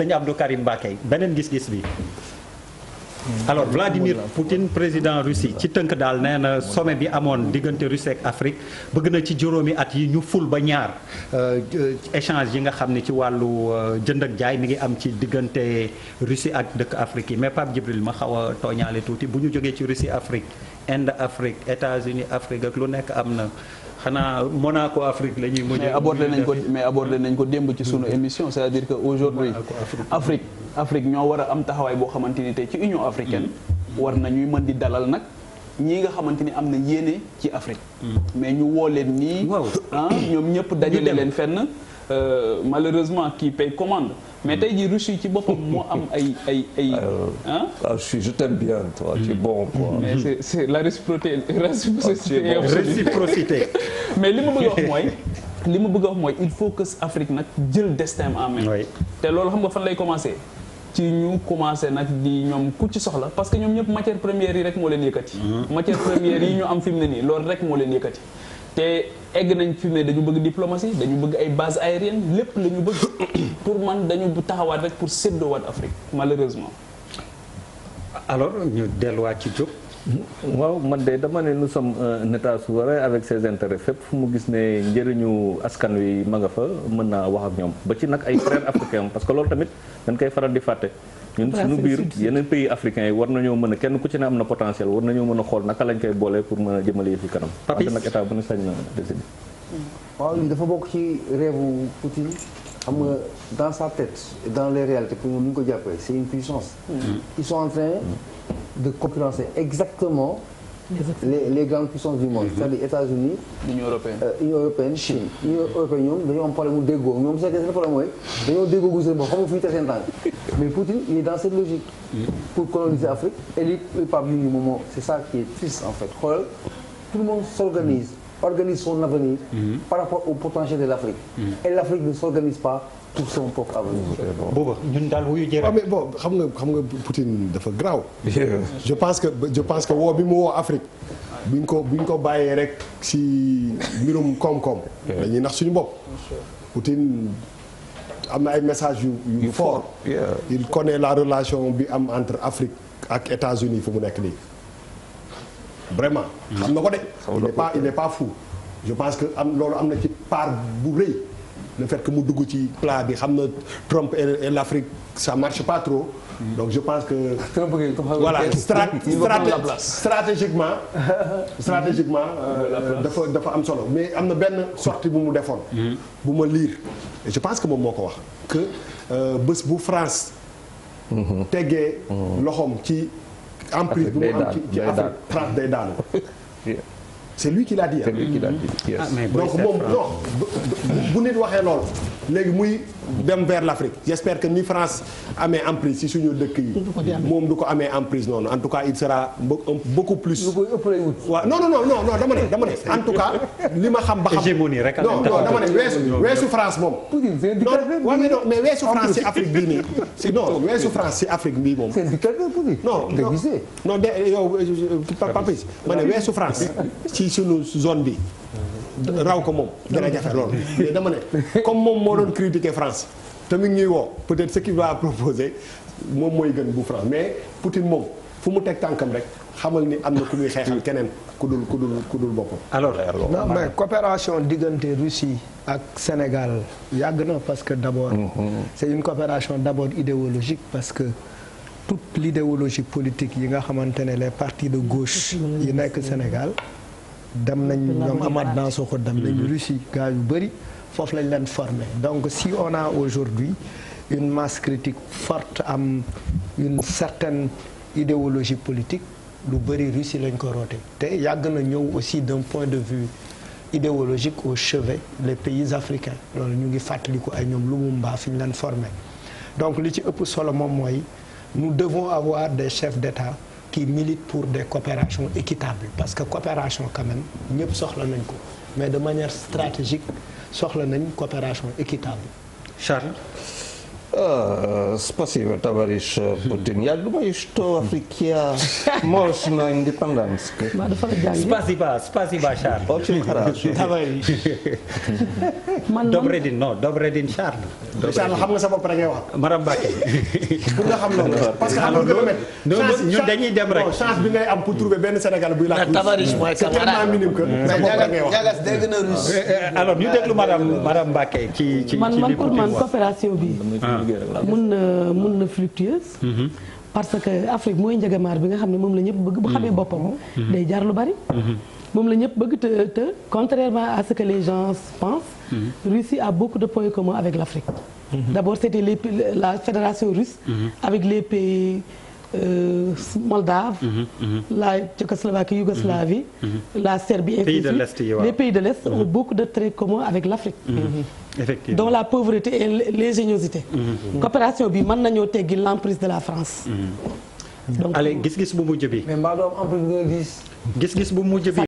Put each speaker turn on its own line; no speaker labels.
sëñ Abdou Karim Mbacké beneen gis-gis bi alors Vladimir Poutine président Russie ci tënk daal nee na sommet bi amoon diggante Russie ak Afrique bëgg na ci juróomi at yi ñu ful ba ñaar euh, échange yi nga xam ne ci wàllu euh, jënd ak jaay mi ngi am ci diggante Russie ak dëkk Afrique yi mais Pape Djibril ma xaw a tooñaale tuuti bu ñu jógee ci Russie Afrique Inde Afrique États-Unis Afrique ak lu nekk am na xanaa Monaco Afrique la ñuy mujjee. mais abordé nañ ko mais abordé nañ ko démb ci sunu mm-hmm. émission c'est-à-dire que aujourd'hui Afrique Afrique ñoo war a am taxawaay boo xamante ni tey ci Union africaine. Mm-hmm. war na ñuy mën di dalal nag. ñii nga xamante ni am na yéene ci Afrique. Mm-hmm. mais ñu woo leen nii. ah ñoom ñëpp dajale leen fenn. Euh, malheureusement qui paye commande. mais tey jii Russie ci boppam moo am ay ay ay. ah ah je t'aime bien toi tu es mm. bon quoi. mais c'est c'est la réciprocité ah, réciprocité. mais li ma bëgg a wax mooy. li ma bëgg a mooy il faut que Afrique nag jël destin en main. te loolu xam nga fan lay commencer. ci ñu commencé nag di ñoom ku ci soxla parce que ñoom ñëpp matière première yi rek moo leen yëkkati. Mm-hmm. matière première yi ñu am fi mu ne nii loolu rek moo leen yëkkati. te egg nañ fi dañu bëgg diplomatie dañu bëgg ay base aérienne lépp la ñu bëgg pour man dañu taxawaat rek pour séddoowaat Afrique malheureusement
alors ñu delluwaat ci jóg waaw man de dama ne nous sommes un état souverain avec ses intérêts fépp fu mu gis ne njëriñu askan wi ma nga fa mën naa wax ak ñoom ba ci nag ay frères africains parce que loolu tamit dañ koy faral di fàtte. ñun suñu biir yeneen pays africains yi war na ñoo mën a kenn ku ci ne am na potentiel war nañoo mën a xool naka lañ koy boole pour mën a jëmale yëf yi kanam. papis nag état
dafa bokk ci rêve Poutine xam nga dans sa tête dans les réalités pour mu ko jàppee c'est une de concurrencer exactement les grandes puissances du monde. Mhm. c'est-à-dire États-Unis. Union européenne euh, Union européenne Chine. Union européenne ñoom dañoo am problème mu déggoo ñoom seen seen problème Poutine il est dans cette logique. Mhm. pour coloniser Afrique et li Pape Younou moom c'est ça qui est triste en fait xoolal tout le monde s'organise. organise son avenir mhm. par rapport au potentiel de l'Afrique mhm. et l'Afrique ne s'organise pas pour son propre avenir booba ñun daal wuyu jërëjëf ah, mais xam nga xam nga Poutine dafa graaw je pense que je pense que woo bi mu woo Afrique buñ ko buñ ko bàyyee rek si mbirum koom-koom dañuy nax suñu bopp Poutine am na ay message yu yu fort il connaît la relation bi am entre Afrique ak États-Unis fu mu nekk nii vraiment. Mm. xam na ko de. il n'est pas il n'est pas fou. je pense que am loolu am na ci part bu rëy le fait que mu dugg ci plat bi xam na Trump et l'Afrique ça marche pas trop. Mm. donc je pense que. voilà stratégiquement. stratégiquement euh, dafa dafa am solo mais am na benn sortie bu mu defoon. Mm. bu ma lire je pense que moom moo ko wax. que euh, bés bu France. Mm-hmm. teggee loxoom ci. emprise bu mu am ci ci Afrique France day daanu. c'est lui qui l'a dit. c'est lui qui l'a dit. Ah, donc moom non bu nit waxee loolu. léegi muy dem vers l'Afrique j'espère que ni France amee emprise ci suñu dëkk yi moom du ko amee emprise noonu en tout cas il sera beaucoup plus waaw non non dama ne dama ne en tout cas li ma xam ba xam
non non dama ne weesu weesu
France moom non mais weesu France ci Afrique bii nii si non weesu France ci Afrique bii moom non de yow euh, ma ne weesu France ci suñu zone bi raw ko moom dana jafe loolu dama ne comme moom moo doon critiquer France tamit ñuy woo peut-être ce qu'il va proposer moom mooy gën bu France mais Poutine moom fu mu teg tànkam rek xamal ni am na ku muy xeexal keneen ku dul ku dul ku dul
alors non mais coopération diggante Russie ak Sénégal yàgg na parce que d'abord mm-hmm. c'est une coopération d'abord idéologique parce que toute l'idéologie politique yi nga xamante ne les partis de gauche yi nekk Sénégal dem nañ ñoom Amath ko dem nañ Russie gars yu bëri foofu lañ leen formé donc si on a aujourd'hui une masse critique forte am une certaine idéologie politique lu bëri Russie lañ ko roote te yàgg na ñëw aussi d'un point de vue idéologique au chevet les pays africains loolu ñu ngi fàttaliku ay ñoom lu Lumumba fi ñu leen formé donc li ci ëpp solo moom mooy nous devons avoir des chefs d'État qui milite pour des coopérations équitables parce que coopération quand même ñëpp soxla nañ ko mais de manière stratégique soxla nañ coopération équitable Charles Спасибо, товарищ Путин. Я думаю, что Африка можно индепенденс.
Спасибо, спасибо, Шар. Очень хорошо. Товарищ. man Добрый день, non Добрый день, Шар. Шар, xam nga sa bopp rek ngay wax. Maram Mbacke.
pour nga xam loolu. parce que xam nga gën a métti.
ñun dañuy dem bi ngay am pour trouver benn Sénégal buy laaj. tavariche mooy c'est tellement minime sa bopp rek ngay wax ñagas na russe. alors ñu déglu madame madame Mbacke ci ci ci li. bi.
mun na mun na fructueuse mm-hmm. parce que Afrique mooy njagamaar bi nga xam ne moom la ñëpp bëgg bu xamee mm-hmm. boppam mm-hmm. day jar lu bari moom la ñëpp bëgg të te contrairement à ce que les gens pensent Russie a beaucoup de points communs avec l'Afrique d'abord c'était la fédération russe avec les pays Euh, Moldave. Mhm, mhm. la Tchécoslovaquie Yougoslavie. Mhm, la Serbie et de l'Est les pays de l'Est ont beaucoup de traits communs avec l'Afrique. effectivement dont la pauvreté et l'ingéniosité. coopération bi mën nañoo teggi l'emprise de la France. donc allez gis-gis gis-gis bu mujj bi.